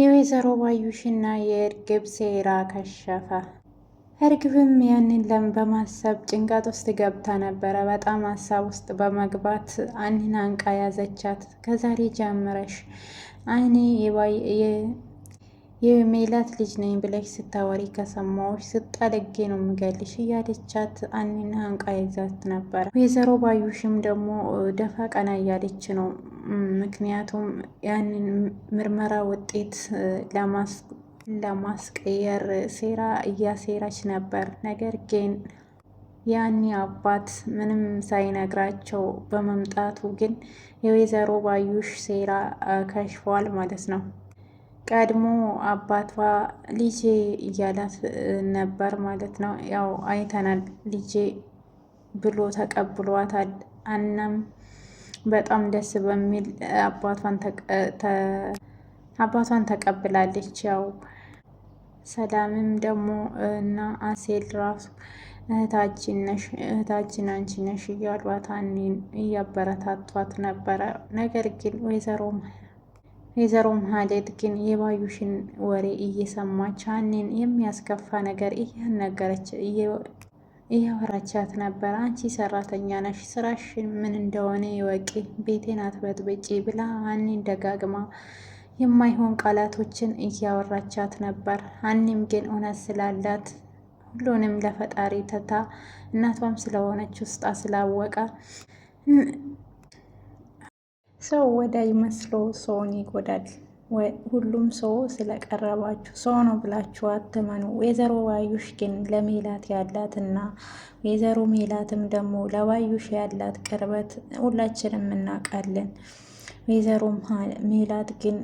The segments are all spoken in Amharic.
የወይዘሮ ባዩሽና የእርግብ ሴራ ከሸፈ። እርግብም ያንን በማሰብ ጭንቀት ውስጥ ገብታ ነበረ። በጣም ሀሳብ ውስጥ በመግባት አንን አንቃ ያዘቻት። ከዛሬ ጀምረሽ አይኔ የሜላት ልጅ ነኝ ብለሽ ስታወሪ ከሰማዎች ስጠለጌ ነው የምገልሽ እያለቻት አኒና አንቃ ይዛት ነበረ። ወይዘሮ ባዩሽም ደግሞ ደፋ ቀና እያለች ነው። ምክንያቱም ያንን ምርመራ ውጤት ለማስቀየር ሴራ እያሴራች ነበር። ነገር ግን ያኒ አባት ምንም ሳይነግራቸው በመምጣቱ ግን የወይዘሮ ባዩሽ ሴራ ከሽፏል ማለት ነው። ቀድሞ አባቷ ልጄ እያላት ነበር ማለት ነው። ያው አይተናል፣ ልጄ ብሎ ተቀብሏታል። አናም በጣም ደስ በሚል አባቷን ተቀብላለች። ያው ሰላምም ደግሞ እና አሴል ራሱ እህታችን አንቺ ነሽ እያሏት እያበረታቷት ነበረ። ነገር ግን ወይዘሮ ወይዘሮ መሀሌት ግን የባዩሽን ወሬ እየሰማች አኔን የሚያስከፋ ነገር እያነገረች እያወራቻት ነበር። አንቺ ሰራተኛ ነሽ፣ ስራሽ ምን እንደሆነ ይወቂ፣ ቤቴን አትበጥብጪ ብላ አኔን ደጋግማ የማይሆን ቃላቶችን እያወራቻት ነበር። አኔም ግን እውነት ስላላት ሁሉንም ለፈጣሪ ተታ እናቷም ስለሆነች ውስጣ ስላወቀ ሰው ወዳጅ መስሎ ሰውን ይጎዳል። ሁሉም ሰው ስለቀረባችሁ ሰው ነው ብላችሁ አትመኑ። ወይዘሮ ባዩሽ ግን ለሜላት ያላት እና ወይዘሮ ሜላትም ደግሞ ለባዩሽ ያላት ቅርበት ሁላችንም እናውቃለን። ወይዘሮ ሜላት ግን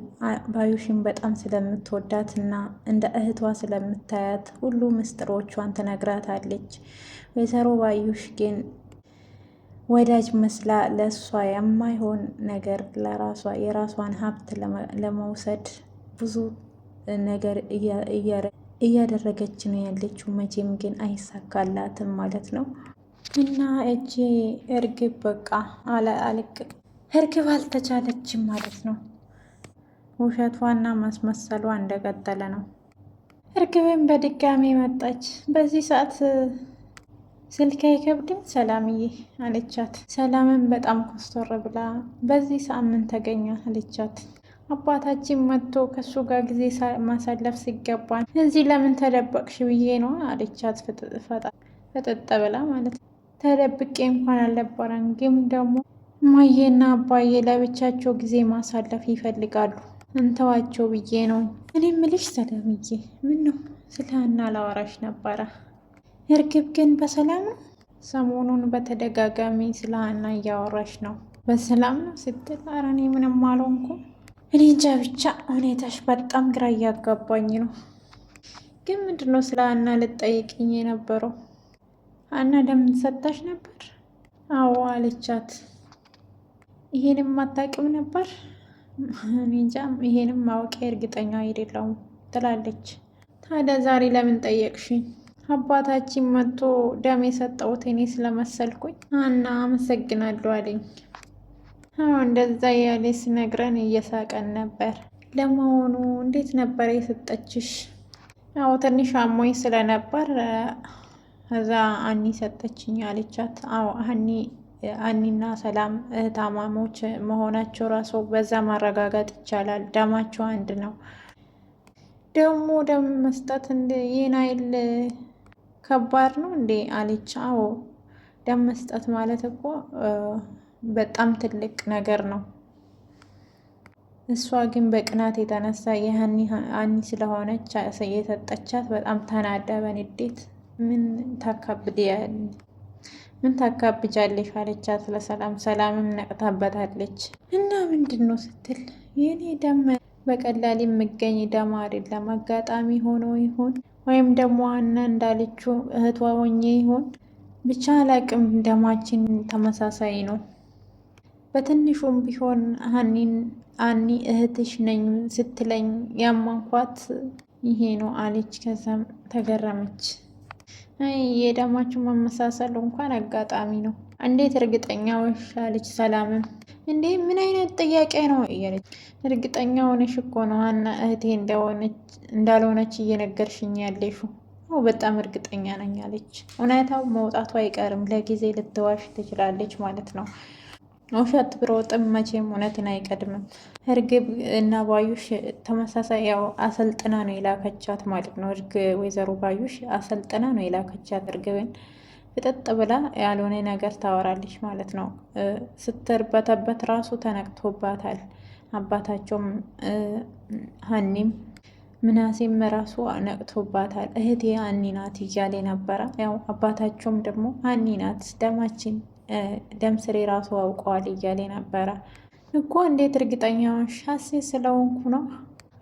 ባዩሽን በጣም ስለምትወዳት እና እንደ እህቷ ስለምታያት ሁሉ ምስጢሮቿን ትነግራታለች። ወይዘሮ ባዩሽ ግን ወዳጅ መስላ ለእሷ የማይሆን ነገር ለራሷ የራሷን ሀብት ለመውሰድ ብዙ ነገር እያደረገች ነው ያለችው። መቼም ግን አይሳካላትም ማለት ነው። እና እጅ እርግብ በቃ አለአልቅ እርግብ አልተቻለችም ማለት ነው። ውሸቷና ማስመሰሏ እንደቀጠለ ነው። እርግብም በድጋሚ መጣች በዚህ ሰዓት ስልክ አይከብድም ሰላምዬ አለቻት። ሰላምን በጣም ኮስቶር ብላ በዚህ ሳምንት ተገኘ አለቻት። አባታችን መጥቶ ከእሱ ጋር ጊዜ ማሳለፍ ሲገባን እዚህ ለምን ተደበቅሽ ብዬ ነው አለቻት። ፈጠጠ ብላ ማለት ነው። ተደብቄ እንኳን አልነበረም፣ ግን ደግሞ እማዬና አባዬ ለብቻቸው ጊዜ ማሳለፍ ይፈልጋሉ እንተዋቸው ብዬ ነው። እኔ ምልሽ ሰላምዬ፣ ምን ነው ስለ ሀና ላወራሽ ነበረ እርግብ ግን በሰላም ነው? ሰሞኑን በተደጋጋሚ ስለ ሀና እያወራች ነው። በሰላም ነው ስትል ኧረ እኔ ምንም አልሆንኩም። እኔ እንጃ ብቻ ሁኔታሽ በጣም ግራ እያጋባኝ ነው። ግን ምንድነው ስለ ሀና ልጠይቅኝ የነበረው? ሀና ለምን ነበር? አዎ አለቻት። ይሄንም አታውቅም ነበር? እኔ እንጃ ይሄንም ማወቄ እርግጠኛ አይደለሁም ትላለች። ታዲያ ዛሬ ለምን ጠየቅሽኝ? አባታችን መጥቶ ደም የሰጠሁት እኔ ስለመሰልኩኝ እና አመሰግናለሁ አለኝ። እንደዛ ያለ ሲነግረን እየሳቀን ነበር። ለመሆኑ እንዴት ነበር የሰጠችሽ? ያው ትንሽ አሞኝ ስለነበር እዛ አኒ ሰጠችኝ አለቻት። አዎ አኒ አኒና ሰላም ታማሞች መሆናቸው ራሱ በዛ ማረጋገጥ ይቻላል። ደማቸው አንድ ነው። ደግሞ ደም መስጠት ይህን አይል ከባድ ነው እንዴ አለች። አዎ ደም መስጠት ማለት እኮ በጣም ትልቅ ነገር ነው። እሷ ግን በቅናት የተነሳ የሀኒ ስለሆነች የሰጠቻት በጣም ተናዳ በንዴት ምን ምን ታካብጃለሽ አለቻት ለሰላም። ሰላምም ነቅታበታለች። እና ምንድን ነው ስትል የኔ ደም በቀላል የሚገኝ ደም አይደለም አጋጣሚ ሆኖ ይሆን ወይም ደግሞ ሀና እንዳለችው እህቷ ሆኜ ይሆን ብቻ አላቅም። ደማችን ተመሳሳይ ነው። በትንሹም ቢሆን አኒን አኒ እህትሽ ነኝ ስትለኝ ያማንኳት ይሄ ነው አለች። ከዛም ተገረመች። የደማችን መመሳሰል እንኳን አጋጣሚ ነው እንዴት እርግጠኛ ወሽ አለች። ሰላምም እንዴ ምን አይነት ጥያቄ ነው እያለች እርግጠኛ ሆነሽ እኮ ነው ዋና እህቴ እንዳልሆነች እየነገርሽኝ ያለሹ በጣም እርግጠኛ ነኝ አለች። እውነታው መውጣቱ አይቀርም። ለጊዜ ልትዋሽ ትችላለች ማለት ነው። ውሸት ብሮጥም መቼም እውነትን አይቀድምም። እርግብ እና ባዩሽ ተመሳሳይ ያው አሰልጥና ነው የላከቻት ማለት ነው። እርግ ወይዘሮ ባዩሽ አሰልጥና ነው የላከቻት እርግብን ፍጥጥ ብላ ያልሆነ ነገር ታወራለች ማለት ነው። ስትርበተበት ራሱ ተነቅቶባታል። አባታቸውም ሀኒም ምናሴም ራሱ ነቅቶባታል። እህቴ ሀኒ ናት እያሌ ነበረ። ያው አባታቸውም ደግሞ ሀኒ ናት ደማችን ደም ስሬ ራሱ አውቀዋል እያሌ ነበረ እኮ። እንዴት እርግጠኛውን ሻሴ ስለሆንኩ ነው።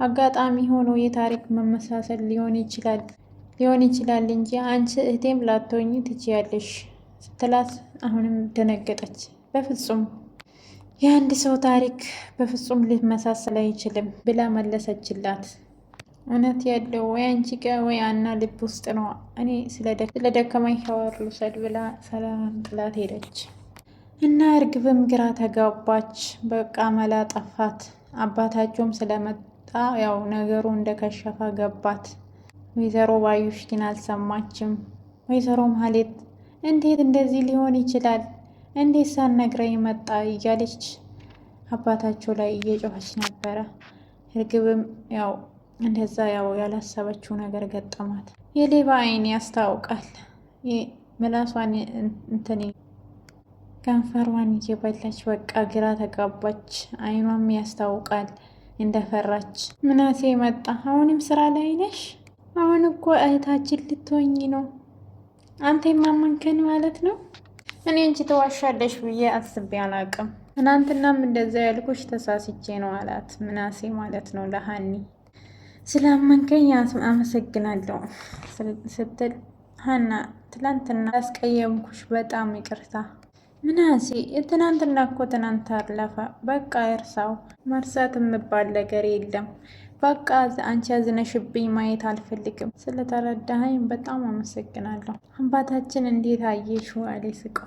አጋጣሚ ሆኖ የታሪክ መመሳሰል ሊሆን ይችላል ሊሆን ይችላል እንጂ አንቺ እህቴም ላትሆኝ ትችያለሽ ስትላት አሁንም ደነገጠች። በፍጹም የአንድ ሰው ታሪክ በፍጹም ልመሳሰል አይችልም ብላ መለሰችላት። እውነት ያለው ወይ አንቺ ጋ ወይ አና ልብ ውስጥ ነው። እኔ ስለደከመኝ ሻወር ልውሰድ ብላ ሰላም ጥላት ሄደች እና እርግብም ግራ ተጋባች። በቃ መላ ጠፋት። አባታቸውም ስለመጣ ያው ነገሩ እንደከሸፋ ገባት። ወይዘሮ ባዩሽ ግን አልሰማችም። ወይዘሮ ማህሌት እንዴት እንደዚህ ሊሆን ይችላል? እንዴት ሳትነግረኝ መጣ? እያለች አባታቸው ላይ እየጮኸች ነበረ። እርግብም ያው እንደዛ ያው ያላሰበችው ነገር ገጠማት። የሌባ አይን ያስታውቃል። ምላሷን እንትን ከንፈሯን እየበላች በቃ ግራ ተጋባች። አይኗም ያስታውቃል እንደፈራች። ምናሴ መጣ። አሁንም ስራ ላይ ነሽ? አሁን እኮ እህታችን ልትወኝ ነው። አንተ የማመንከን ማለት ነው። እኔ እንጂ ተዋሻለሽ ብዬ አስቤ አላቅም። ትናንትናም እንደዛ ያልኩሽ ተሳስቼ ነው አላት ምናሴ ማለት ነው ለሀኒ ስላመንከኝ አመሰግናለሁ ስትል ሀና ትናንትና ያስቀየምኩሽ በጣም ይቅርታ ምናሴ። የትናንትና እኮ ትናንት አለፈ፣ በቃ እርሳው። መርሳት የምባል ነገር የለም። በቃ አንቺ ያዝነሽብኝ ማየት አልፈልግም። ስለተረዳኸኝ በጣም አመሰግናለሁ። አባታችን እንዴት አየሽ? አለ ስቆ።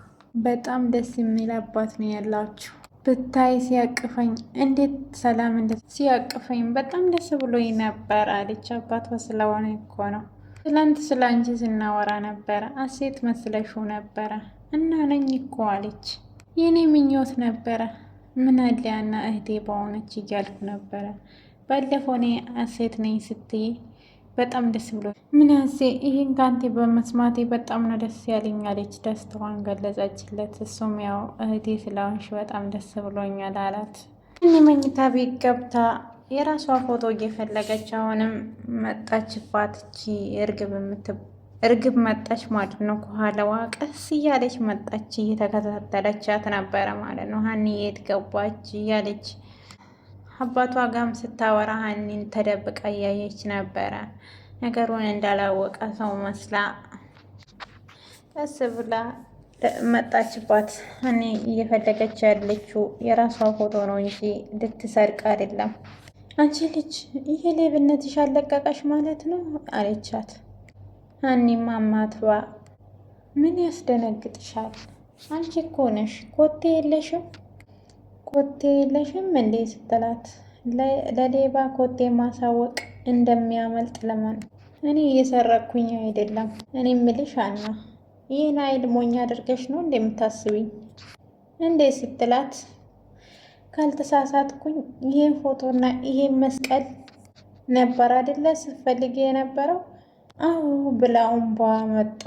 በጣም ደስ የሚል አባት ነው ያላችሁ። ብታይ ሲያቅፈኝ እንዴት ሰላም እንደ ሲያቅፈኝ በጣም ደስ ብሎኝ ነበር አለች። አባቷ ስለሆነ እኮ ነው። ትላንት ስለ አንቺ ስናወራ ነበረ። አሴት መስለሽው ነበረ እና ነኝ እኮ አለች። የኔ ምኞት ነበረ ምን አለያና እህቴ በሆነች እያልኩ ነበረ ባለፈው እኔ ሴት ነኝ ስትይ በጣም ደስ ብሎ ምናሴ ይህን ከአንቴ በመስማቴ በጣም ነው ደስ ያለኝ አለች። ደስታዋን ገለጸችለት። እሱም ያው እህቴ ስለሆንሽ በጣም ደስ ብሎኛል አላት። እኔ መኝታ ቤት ገብታ የራሷ ፎቶ እየፈለገች አሁንም መጣችባት። እቺ እርግብ እርግብ መጣች ማለት ነው። ከኋላዋ ቀስ እያለች መጣች። እየተከታተለቻት ነበረ ማለት ነው። ሀኒ የት ገባች እያለች አባቷ ጋም ስታወራ ሀኒን ተደብቃ እያየች ነበረ። ነገሩን እንዳላወቀ ሰው መስላ ቀስ ብላ መጣችባት። እኔ እየፈለገች ያለችው የራሷ ፎቶ ነው እንጂ ልትሰርቅ አይደለም። አንቺ ልጅ ይሄ ሌብነትሽ አለቀቀሽ ማለት ነው አለቻት። እኔም አማትባ ምን ያስደነግጥሻል? አንቺ እኮ ነሽ ኮቴ የለሽም ኮቴ ለሽም እንዴ ስትላት ለሌባ ኮቴ ማሳወቅ እንደሚያመልጥ ለማን እኔ እየሰረኩኝ አይደለም። እኔ ምልሽ አና ይህን አይል ሞኝ አድርገሽ ነው እንደምታስብኝ እንዴ ስትላት ካልተሳሳትኩኝ ይህን ፎቶና ይህን መስቀል ነበር አደለ ስትፈልግ የነበረው አሁ ብላ ቧ መጣ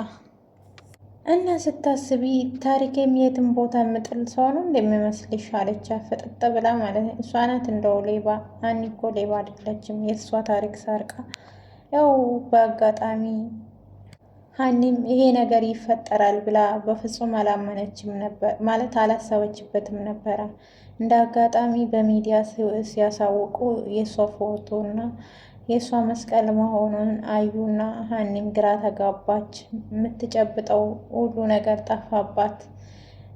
እና ስታስቢ ታሪክ የትም ቦታ የምጥል ሰው ነው እንደሚመስልሽ አለቻ ፈጠጠ ብላ ማለት ነው። እሷ ናት እንደው ሌባ። አኒ እኮ ሌባ አይደለችም። የእሷ ታሪክ ሳርቃ ያው በአጋጣሚ ሀኒም ይሄ ነገር ይፈጠራል ብላ በፍጹም አላመነችም ነበር ማለት አላሰበችበትም ነበረ። እንደ አጋጣሚ በሚዲያ ሲያሳውቁ የእሷ ፎቶ እና የእሷ መስቀል መሆኑን አዩና ሀኒም ግራ ተጋባች። የምትጨብጠው ሁሉ ነገር ጠፋባት።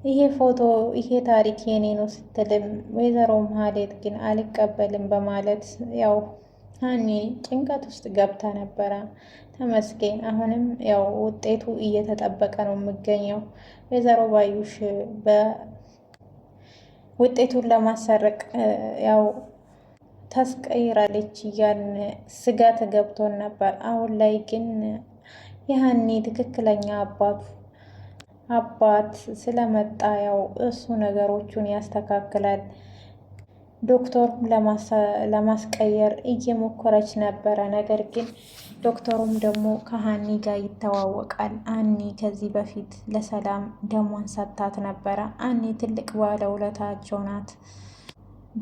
ይሄ ፎቶ ይሄ ታሪክ የኔ ነው ስትልም፣ ወይዘሮ ማህሌት ግን አልቀበልም በማለት ያው ሀኒ ጭንቀት ውስጥ ገብታ ነበረ። ተመስገን አሁንም ያው ውጤቱ እየተጠበቀ ነው የሚገኘው። ወይዘሮ ባዩሽ በውጤቱን ለማሰረቅ ያው ታስቀይራለች እያልን ስጋት ገብቶን ነበር። አሁን ላይ ግን የሀኒ ትክክለኛ አባቱ አባት ስለመጣ ያው እሱ ነገሮቹን ያስተካክላል። ዶክተሩም ለማስቀየር እየሞከረች ነበረ። ነገር ግን ዶክተሩም ደግሞ ከሀኒ ጋር ይተዋወቃል። አኒ ከዚህ በፊት ለሰላም ደሟን ሰጥታት ነበረ። አኒ ትልቅ ባለውለታቸው ናት።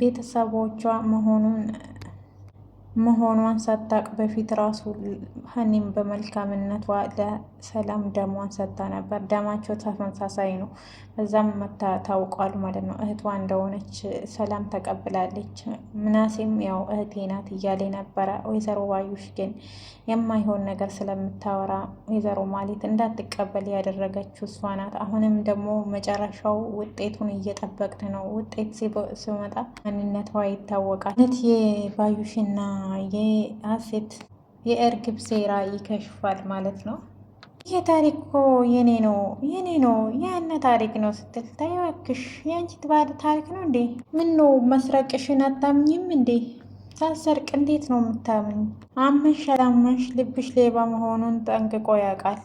ቤተሰቦቿ መሆኑን መሆኗን ሳታቅ በፊት ራሱ ሀኒም በመልካምነቷ ለሰላም ደሟን ሰጥታ ነበር። ደማቸው ተመሳሳይ ነው። በዛም ታውቋል ማለት ነው። እህቷ እንደሆነች ሰላም ተቀብላለች። ምናሴም ያው እህቴ ናት እያለ ነበረ። ወይዘሮ ባዩሽ ግን የማይሆን ነገር ስለምታወራ ወይዘሮ ማሌት እንዳትቀበል ያደረገችው እሷ ናት። አሁንም ደግሞ መጨረሻው ውጤቱን እየጠበቅን ነው። ውጤት ሲመጣ ማንነቷ ይታወቃል። ነት የባዩሽና የአሴት የእርግብ ሴራ ይከሽፋል ማለት ነው። ይሄ ታሪክ እኮ የኔ ነው የኔ ነው ያነ ታሪክ ነው ስትል ታይዋክሽ የአንቺ ባለ ታሪክ ነው እንዴ? ምን ነው መስረቅሽን አታምኝም እንዴ? ሳሰርቅ እንዴት ነው የምታምኝ? አመንሽ አላመንሽ ልብሽ ሌባ መሆኑን ጠንቅቆ ያውቃል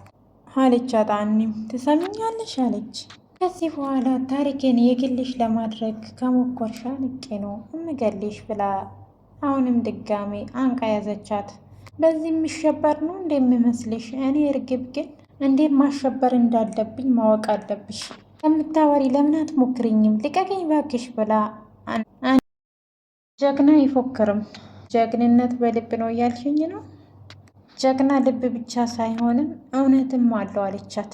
አለች። አጣኒም ትሰምኛለሽ አለች። ከዚህ በኋላ ታሪክን የግልሽ ለማድረግ ከሞኮርሻ አንቄ ነው እምገልሽ ብላ አሁንም ድጋሜ አንቃ ያዘቻት። በዚህ የሚሸበር ነው እንደሚመስልሽ? እኔ እርግብ ግን እንዴት ማሸበር እንዳለብኝ ማወቅ አለብሽ። ከምታወሪ ለምን አትሞክርኝም? ልቀቅኝ ባክሽ ብላ ጀግና አይፎክርም። ጀግንነት በልብ ነው እያልሽኝ ነው? ጀግና ልብ ብቻ ሳይሆንም እውነትም አለው አለቻት።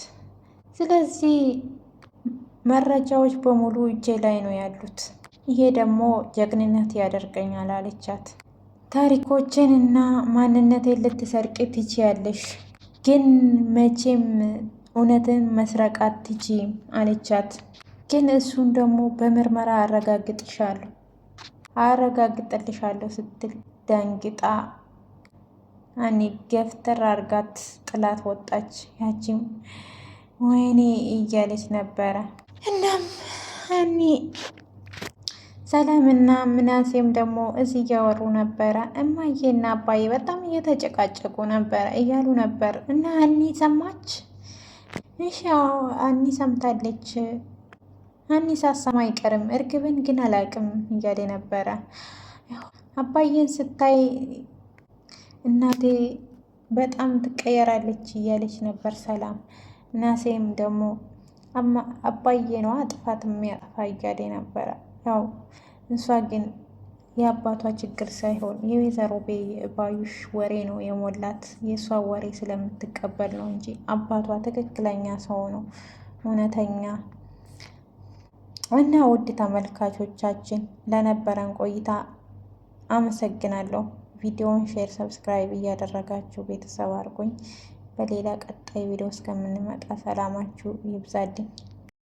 ስለዚህ መረጃዎች በሙሉ እጄ ላይ ነው ያሉት። ይሄ ደግሞ ጀግንነት ያደርገኛል አለቻት። ታሪኮችን እና ማንነቴን ልትሰርቅ ትችያለሽ፣ ግን መቼም እውነትን መስረቃት አትችይም አለቻት። ግን እሱን ደግሞ በምርመራ አረጋግጥሻለሁ አረጋግጠልሻለሁ ስትል ደንግጣ አኒ ገፍተር አርጋት ጥላት ወጣች። ያቺም ወይኔ እያለች ነበረ እናም አኒ ሰላምና ምናሴም ደግሞ እዚህ እያወሩ ነበረ። እማዬና አባዬ በጣም እየተጨቃጨቁ ነበረ እያሉ ነበር እና አኒ ሰማች። እሺ አኒ ሰምታለች። አኒ ሳሰማ አይቀርም እርግብን ግን አላቅም እያለ ነበረ። አባዬን ስታይ እናቴ በጣም ትቀየራለች እያለች ነበር ሰላም። ምናሴም ደግሞ አባዬ ነዋ ጥፋት የሚያጠፋ እያለ ነበረ ያው እሷ ግን የአባቷ ችግር ሳይሆን የወይዘሮ ባዩሽ ወሬ ነው የሞላት። የእሷ ወሬ ስለምትቀበል ነው እንጂ አባቷ ትክክለኛ ሰው ነው እውነተኛ። እና ውድ ተመልካቾቻችን ለነበረን ቆይታ አመሰግናለሁ። ቪዲዮውን ሼር፣ ሰብስክራይብ እያደረጋችሁ ቤተሰብ አድርጎኝ በሌላ ቀጣይ ቪዲዮ እስከምንመጣ ሰላማችሁ ይብዛልኝ።